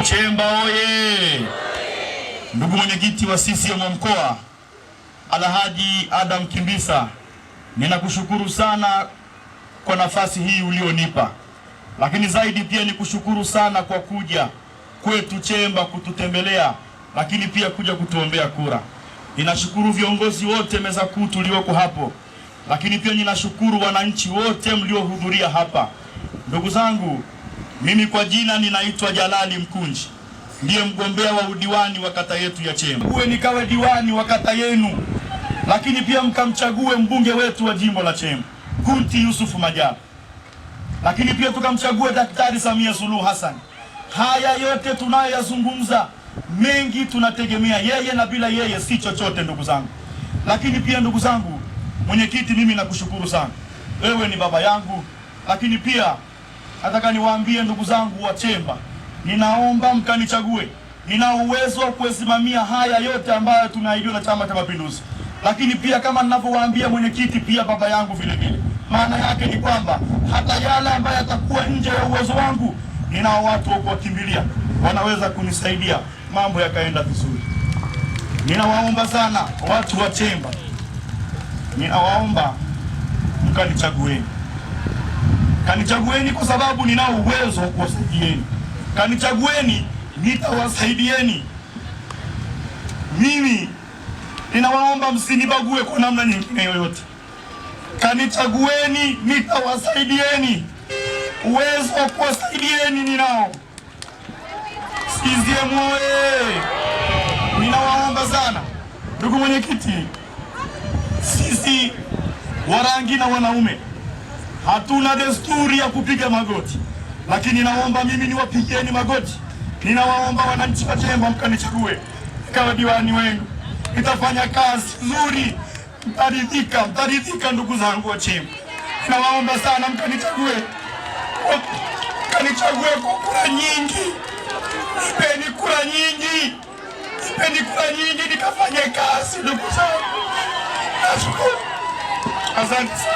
Chemba oye! Ndugu mwenyekiti wa CCM wa mkoa Alhaji Adam Kimbisa, ninakushukuru sana kwa nafasi hii ulionipa, lakini zaidi pia nikushukuru sana kwa kuja kwetu Chemba kututembelea, lakini pia kuja kutuombea kura. Ninashukuru viongozi wote meza kuu tulioko hapo, lakini pia ninashukuru wananchi wote mliohudhuria hapa. Ndugu zangu mimi kwa jina ninaitwa Jalali Mkunji, ndiye mgombea wa udiwani wa kata yetu ya Chemba. Uwe nikawe diwani wa kata yenu, lakini pia mkamchague mbunge wetu wa jimbo la Chemba Kunti Yusufu Majala, lakini pia tukamchague Daktari Samia Suluhu Hassan. Haya yote tunayoyazungumza mengi tunategemea yeye, na bila yeye si chochote, ndugu zangu. Lakini pia ndugu zangu, mwenyekiti, mimi nakushukuru sana, wewe ni baba yangu, lakini pia nataka niwaambie ndugu zangu wa Chemba, ninaomba mkanichague. Nina uwezo wa kuyasimamia haya yote ambayo tunaahidiwa na Chama cha Mapinduzi, lakini pia kama ninavyowaambia mwenyekiti, pia baba yangu vile vile. Maana yake ni kwamba hata yale ambayo yatakuwa nje ya uwezo wangu, ninao watu wa kuwakimbilia, wanaweza kunisaidia mambo yakaenda vizuri. Ninawaomba sana watu wa Chemba, ninawaomba mkanichagueni. Kanichagueni kwa sababu ninao uwezo wa kuwasaidieni. Kanichagueni nitawasaidieni. Mimi ninawaomba msinibague kwa namna nyingine yoyote. Kanichagueni nitawasaidieni. Uwezo wa kuwasaidieni ninao. CCM oye! Ninawaomba sana, ndugu mwenyekiti, sisi Warangi na wanaume Hatuna desturi ya kupiga magoti, lakini naomba mimi niwapigeni magoti. Ninawaomba wananchi wa Temba mkanichague nikawa diwani wenu, nitafanya kazi nzuri, mtaridhika, mtaridhika ndugu zangu wa Temba. Ninawaomba sana mkanichague, mkanichague kwa kura nyingi, nipeni kura nyingi, nipeni kura nyingi nikafanye kazi ndugu zangu. Nashukuru. Asante.